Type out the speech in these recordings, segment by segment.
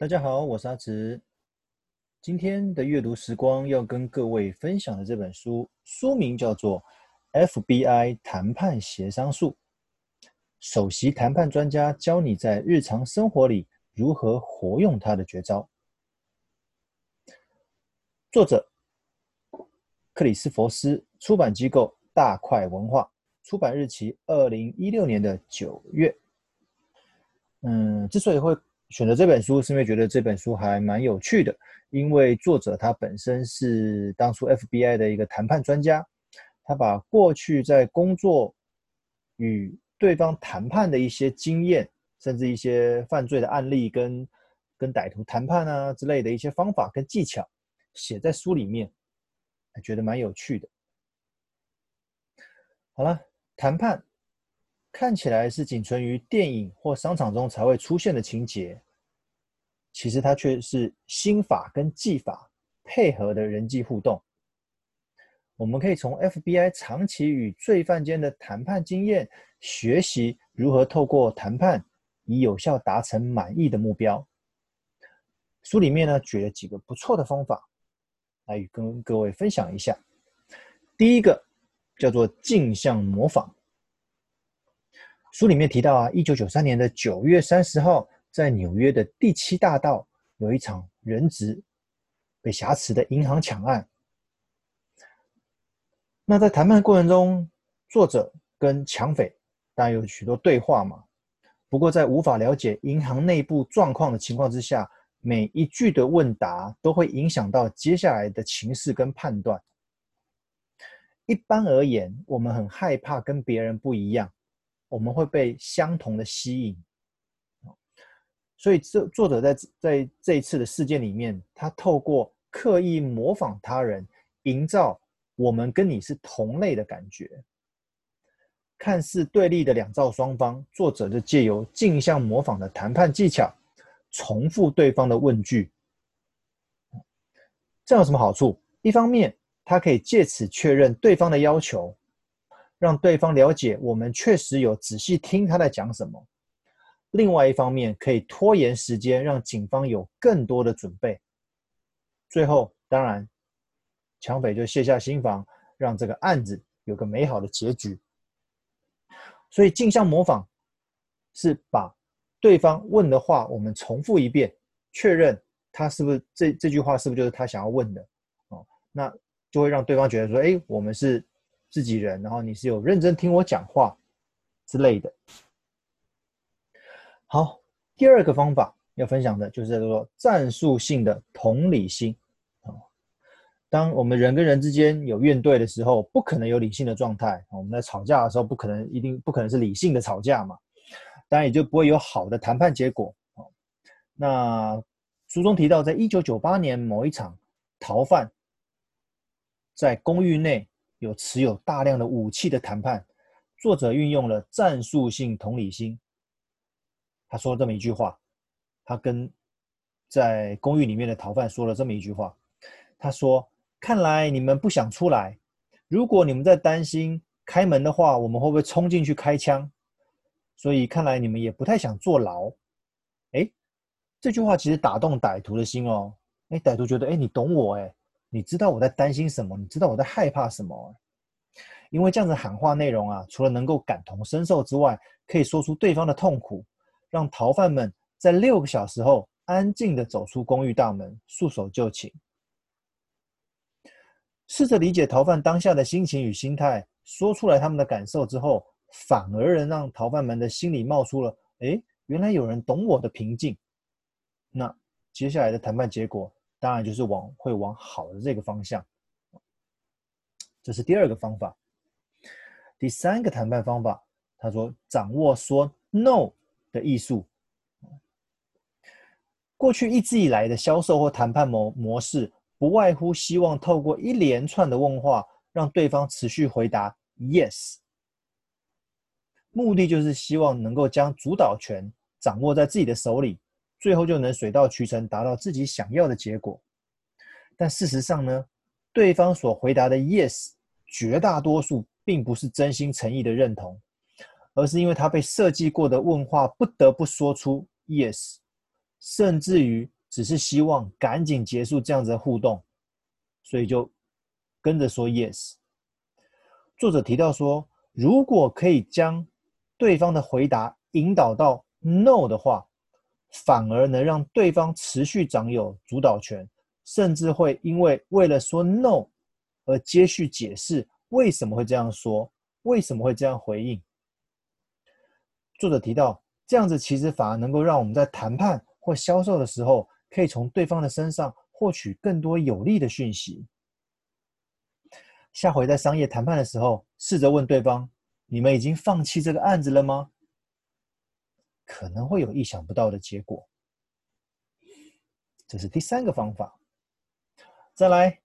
大家好，我是阿直。今天的閱讀時光要跟各位分享的這本書，書名叫做《FBI 談判協商術》，首席談判專家教你在日常生活裡如何活用他的絕招。作者克里斯佛斯，出版機構大塊文化，出版日期二零一六年的九月。嗯，之所以會。選擇這本書是因為覺得這本書還蠻有趣的，因為作者他本身是當初 FBI 的一個談判專家，他把過去在工作與對方談判的一些經驗，甚至一些犯罪的案例跟跟歹徒談判啊之類的一些方法跟技巧寫在書裡面，還覺得蠻有趣的。好了，談判。看起來是僅存於電影或商場中才會出現的情節，其實它卻是心法跟技法配合的人際互動。我們可以從 FBI 長期與罪犯間的談判經驗，學習如何透過談判以有效達成滿意的目標。書裡面呢舉了幾個不錯的方法，來跟各位分享一下。第一個叫做鏡像模仿。書裡面提到啊，一九九三年的九月三十號，在紐約的第七大道有一場人質被挾持的銀行搶案。那在談判的過程中，作者跟搶匪當然有許多對話嘛。不過在無法了解銀行內部狀況的情況之下，每一句的問答都會影響到接下來的情勢跟判斷。一般而言，我們很害怕跟別人不一樣。我們會被相同的吸引，所以這作者在在這一次的事件裡面，他透過刻意模仿他人，營造我們跟你是同類的感覺。看似對立的兩造雙方，作者就借由鏡像模仿的談判技巧，重複對方的問句。這有什麼好處？一方面，他可以借此確認對方的要求。讓對方了解我們確實有仔細聽他在講什麼。另外一方面，可以拖延時間，讓警方有更多的準備。最後當然，搶匪就卸下心防，讓這個案子有個美好的結局。所以鏡像模仿是把對方問的話，我們重複一遍，確認他是不是這這句話是不是就是他想要問的哦，那就會讓對方覺得說，哎，我們是。自己人，然後你是有認真聽我講話之類的。好，第二個方法要分享的就是叫做戰術性的同理心啊。當我們人跟人之間有怨懟的時候，不可能有理性的狀態。我們在吵架的時候，不可能一定不可能是理性的吵架嘛，當然也就不會有好的談判結果。那書中提到，在一九九八年某一場逃犯在公寓內。有持有大量的武器的談判，作者運用了戰術性同理心。他說了這麼一句話，他跟在公寓裡面的逃犯說了這麼一句話。他說：“看來你們不想出來。如果你們在擔心開門的話，我們會不會衝進去開槍？所以看來你們也不太想坐牢。”誒，這句話其實打動歹徒的心哦。誒，歹徒覺得：“誒，你懂我。”誒。你知道我在擔心什麼？你知道我在害怕什麼？因為這樣子喊話內容啊，除了能夠感同身受之外，可以說出對方的痛苦，讓逃犯們在六個小時後安靜地走出公寓大門，束手就擒。試着理解逃犯當下的心情與心態，說出來他們的感受之後，反而能讓逃犯們的心裡冒出了“誒，原來有人懂我的平靜”那。那接下來的談判結果。當然，就是往會往好的這個方向。這是第二個方法。第三個談判方法，他說掌握說 “no” 的藝術。過去一直以來的銷售或談判模模式，不外乎希望透過一連串的問話，讓對方持續回答 “yes”。目的就是希望能夠將主導權掌握在自己的手裡。最後就能水到渠成，達到自己想要的結果。但事實上呢，對方所回答的 yes 絕大多數並不是真心誠意的認同，而是因為他被設計過的問話，不得不說出 yes，甚至於只是希望趕緊結束這樣子的互動，所以就跟着說 yes。作者提到說，如果可以將對方的回答引導到 no 的話，反而能讓對方持續掌有主導權，甚至會因為為了說 no 而接續解釋為什麼會這樣說，為什麼會這樣回應。作者提到，這樣子其實反而能夠讓我們在談判或銷售的時候，可以從對方的身上獲取更多有利的訊息。下回在商業談判的時候，試着問對方，你們已經放棄這個案子了嗎？可能會有意想不到的結果，這是第三個方法。再來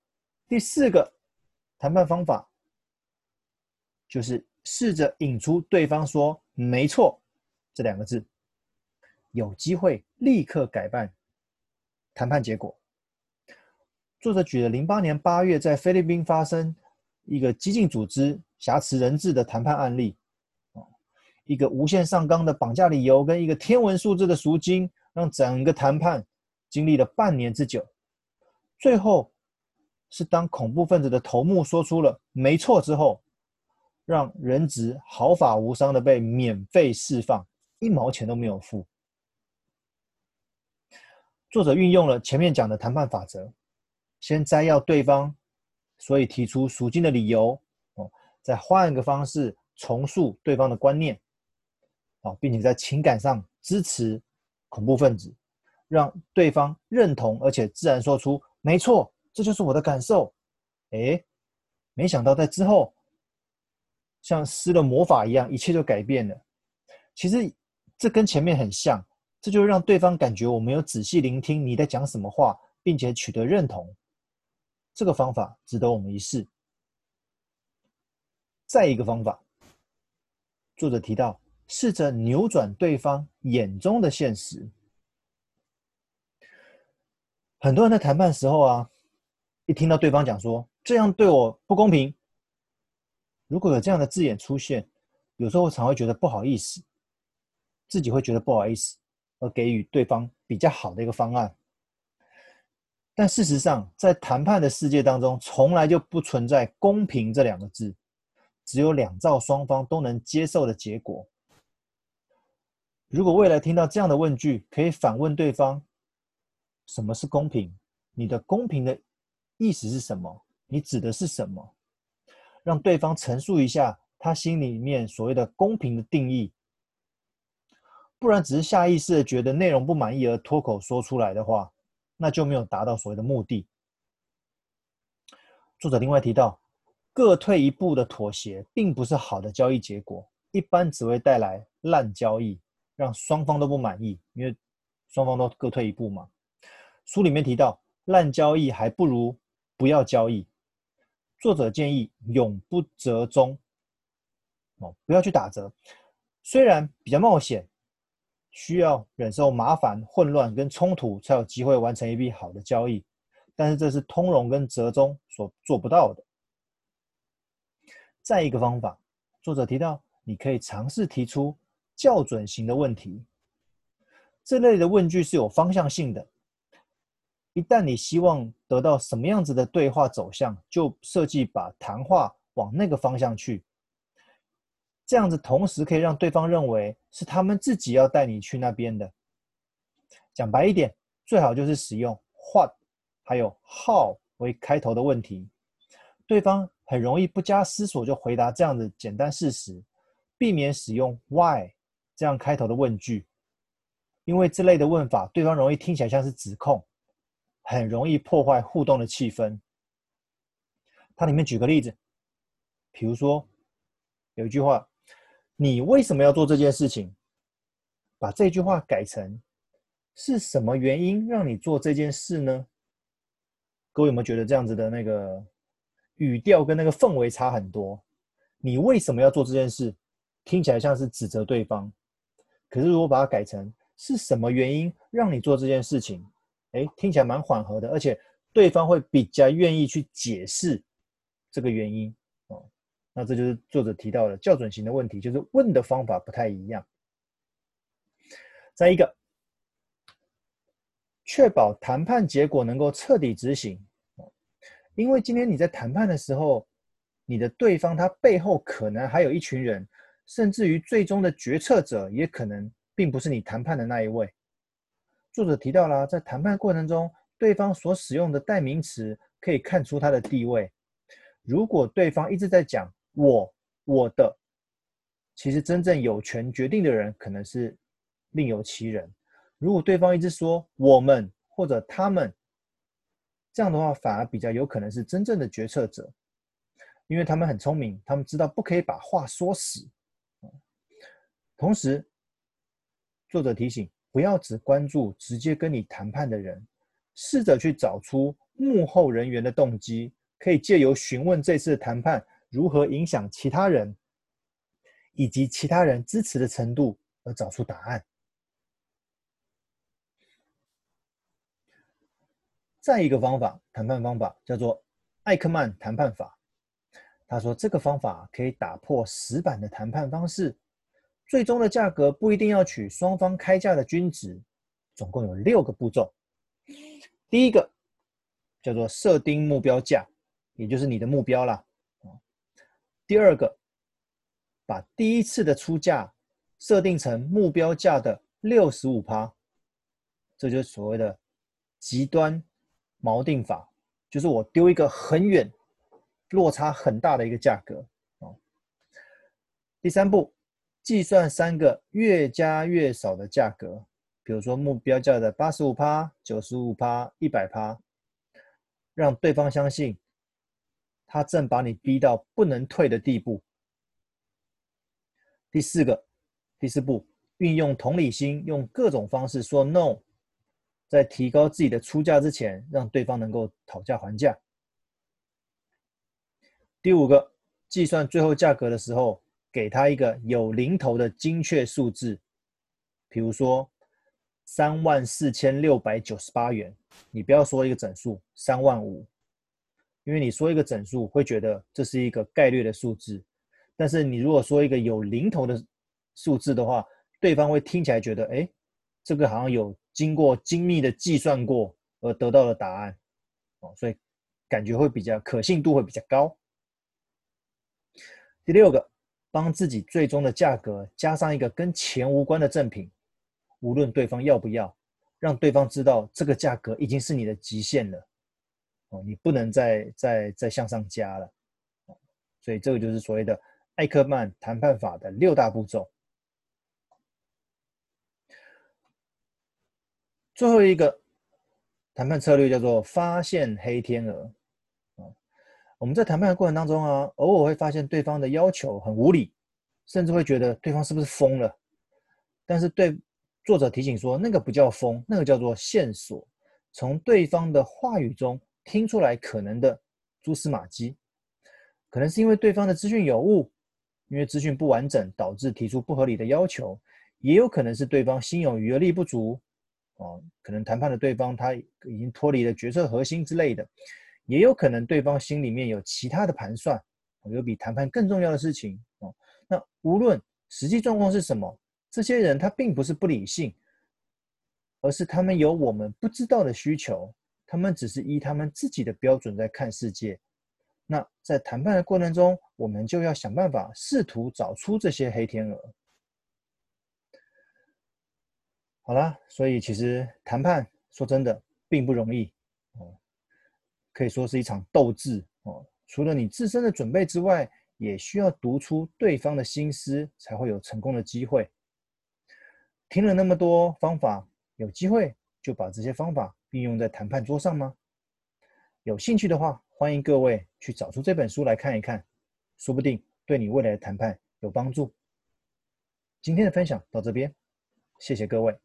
第四個談判方法，就是試着引出對方說“沒錯”這兩個字，有機會立刻改辦談判結果。作者舉了零八年八月在菲律賓發生一個激進組織挾持人質的談判案例。一個無限上綱的綁架理由，跟一個天文數字的贖金，讓整個談判經歷了半年之久。最後是當恐怖分子的頭目說出了“沒錯”之後，讓人質毫髮無傷的被免費釋放，一毛錢都沒有付。作者運用了前面講的談判法則，先摘要對方，所以提出贖金的理由，哦，再換一個方式重塑對方的觀念。好，並且在情感上支持恐怖分子，讓對方認同，而且自然說出“沒錯，這就是我的感受”。誒，沒想到在之後，像施了魔法一樣，一切就改變了。其實這跟前面很像，這就讓對方感覺我沒有仔細聆聽你在講什麼話，並且取得認同。這個方法值得我們一試。再一個方法，作者提到。試着扭轉對方眼中的現實。很多人在談判的時候啊，一聽到對方講說這樣對我不公平，如果有這樣的字眼出現，有時候我常會覺得不好意思，自己會覺得不好意思，而給予對方比較好的一個方案。但事實上，在談判的世界當中，從來就不存在公平這兩個字，只有兩造雙方都能接受的結果。如果未來聽到這樣的問句，可以反問對方：“什麼是公平？你的公平的意思是什麼？你指的是什麼？”讓對方陳述一下他心裡面所謂的公平的定義。不然，只是下意識的覺得內容不滿意而脫口說出來的話，那就沒有達到所謂的目的。作者另外提到，各退一步的妥協並不是好的交易結果，一般只會帶來爛交易。讓雙方都不滿意，因為雙方都各退一步嘛。書裡面提到，爛交易還不如不要交易。作者建議永不折中，哦，不要去打折。雖然比較冒險，需要忍受麻煩、混亂跟衝突，才有機會完成一筆好的交易，但是這是通融跟折中所做不到的。再一個方法，作者提到，你可以嘗試提出。校準型的問題，這類的問句是有方向性的。一旦你希望得到什麼樣子的對話走向，就設計把談話往那個方向去。這樣子同時可以讓對方認為是他們自己要帶你去那邊的。講白一點，最好就是使用 “what” 還有 “how” 為開頭的問題，對方很容易不加思索就回答這樣的簡單事實，避免使用 “why”。這樣開頭的問句，因為這類的問法，對方容易聽起來像是指控，很容易破壞互動的氣氛。它裡面舉個例子，比如說有一句話：“你為什麼要做這件事情？”把這句話改成：“是什麼原因讓你做這件事呢？”各位有沒有覺得這樣子的那個語調跟那個氛圍差很多？“你為什麼要做這件事？”聽起來像是指責對方。可是，如果把它改成是什麼原因讓你做這件事情？哎，聽起來蠻緩和的，而且對方會比較願意去解釋這個原因哦，那這就是作者提到的校準型的問題，就是問的方法不太一樣。再一個，確保談判結果能夠徹底執行。因為今天你在談判的時候，你的對方他背後可能還有一群人。甚至於最終的決策者也可能並不是你談判的那一位。作者提到了，在談判過程中，對方所使用的代名詞可以看出他的地位。如果對方一直在講“我”“我的”，其實真正有權決定的人可能是另有其人。如果對方一直說“我們”或者“他們”，這樣的話反而比較有可能是真正的決策者，因為他們很聰明，他們知道不可以把話說死。同時，作者提醒不要只關注直接跟你談判的人，試着去找出幕後人員的動機，可以借由詢問這次談判如何影響其他人，以及其他人支持的程度而找出答案。再一個方法，談判方法叫做艾克曼談判法。他說這個方法可以打破死板的談判方式。最終的價格不一定要取雙方開價的均值，總共有六個步驟。第一個叫做設定目標價，也就是你的目標啦。啊。第二個，把第一次的出價設定成目標價的65%，這就是所謂的極端錨定法，就是我丟一個很遠、落差很大的一個價格啊、哦。第三步。計算三個越加越少的價格，比如說目標價的八十五趴、九十五趴、一百趴，讓對方相信他正把你逼到不能退的地步。第四個，第四步，運用同理心，用各種方式說 no，在提高自己的出價之前，讓對方能夠討價還價。第五個，計算最後價格的時候，給他一個有零頭的精確數字，比如說三萬四千六百九十八元，你不要說一個整數三萬五，3500，因為你說一個整數會覺得這是一個概率的數字，但是你如果說一個有零頭的數字的話，對方會聽起來覺得哎，這個好像有經過精密的計算過而得到的答案，哦，所以感覺會比較可信度會比較高。第六個。幫自己最終的價格加上一個跟錢無關的贈品，無論對方要不要，讓對方知道這個價格已經是你的極限了，哦，你不能再再再向上加了。所以這個就是所謂的艾克曼談判法的六大步驟。最後一個談判策略叫做發現黑天鵝。我們在談判的過程當中啊，偶爾會發現對方的要求很無理，甚至會覺得對方是不是瘋了。但是對作者提醒說，那個不叫瘋，那個叫做線索，從對方的話語中聽出來可能的蛛絲馬跡，可能是因為對方的資訊有誤，因為資訊不完整導致提出不合理的要求，也有可能是對方心有餘而力不足，哦，可能談判的對方他已經脫離了決策核心之類的。也有可能對方心裡面有其他的盤算，有比談判更重要的事情。那無論實際狀況是什麼，這些人他並不是不理性，而是他們有我們不知道的需求，他們只是依他們自己的標準在看世界。那在談判的過程中，我們就要想辦法試圖找出這些黑天鵝。好啦，所以其實談判說真的並不容易。可以說是一場鬥智哦，除了你自身的準備之外，也需要讀出對方的心思，才會有成功的機會。聽了那麼多方法，有機會就把這些方法運用在談判桌上嗎？有興趣的話，歡迎各位去找出這本書來看一看，說不定對你未來的談判有幫助。今天的分享到這邊，謝謝各位。